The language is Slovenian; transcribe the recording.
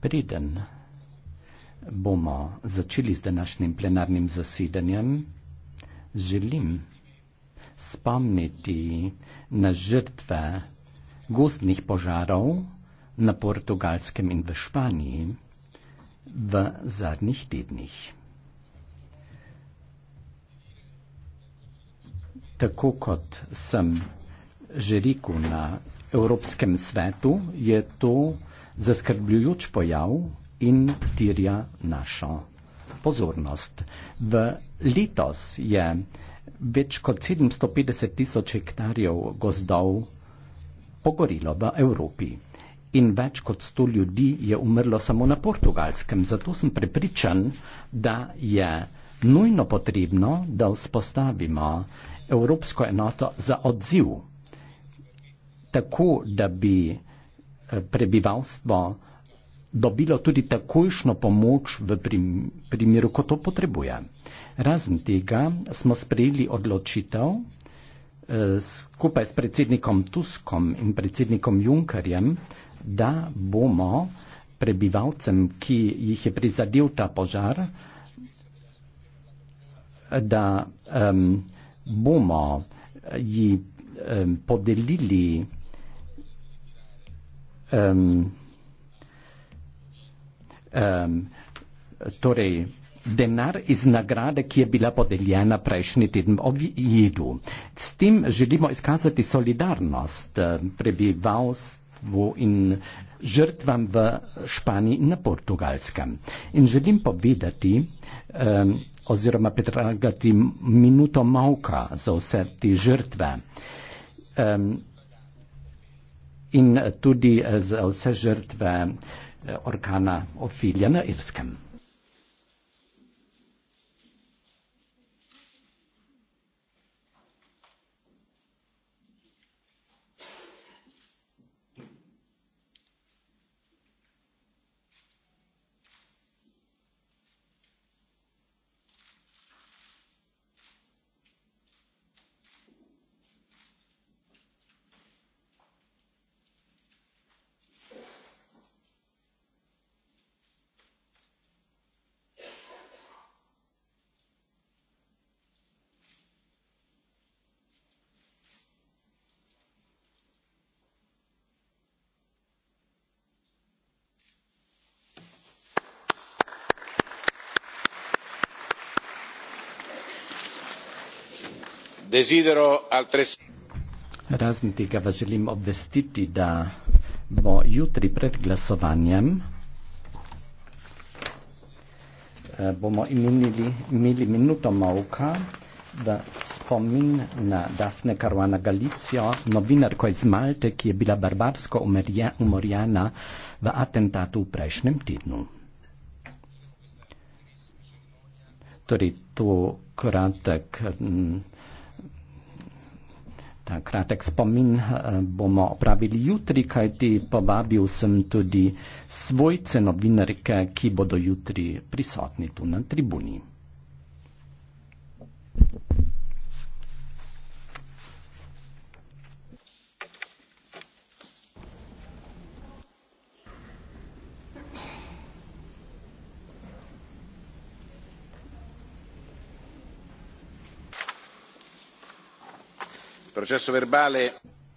Preden bomo začeli z današnjim plenarnim zasedanjem, želim spomniti na žrtve gozdnih požarov na Portugalskem in v Španiji v zadnjih tednih. Tako kot sem že rekel na Evropskem svetu, je to zaskrbljujoč pojav in tirja našo pozornost. V letos je več kot 750 tisoč hektarjev gozdov pogorilo v Evropi in več kot 100 ljudi je umrlo samo na portugalskem. Zato sem prepričan, da je nujno potrebno, da vzpostavimo Evropsko enoto za odziv, tako da bi prebivalstvo dobilo tudi takojšno pomoč v primeru, ko to potrebuje. Razen tega smo sprejeli odločitev eh, skupaj s predsednikom Tuskom in predsednikom Junkerjem, da bomo prebivalcem, ki jih je prizadel ta požar, da um, bomo ji um, podelili Um, um, torej, denar iz nagrade, ki je bila podeljena prejšnji teden ob jedu. S tem želimo izkazati solidarnost eh, prebivalstvu in žrtvam v Španiji in na Portugalskem. In želim povedati um, oziroma predragati minuto mavka za vse te žrtve. Um, in tudi za vse žrtve eh, orkana Ophelia na Irskem. desidero altresì. Razen tega vas želim obvestiti, da bo jutri pred glasovanjem eh, bomo imenili, imeli minuto mavka v spomin na Dafne Caruana Galicijo, novinarko iz Malte, ki je bila barbarsko umorjena v atentatu v prejšnjem tednu. Torej, to kratek. M, mm, kratek spomin eh, bomo opravili jutri, kajti povabil sem tudi svojce novinarke, ki bodo jutri prisotni tu na tribuni. Thank you. processo verbale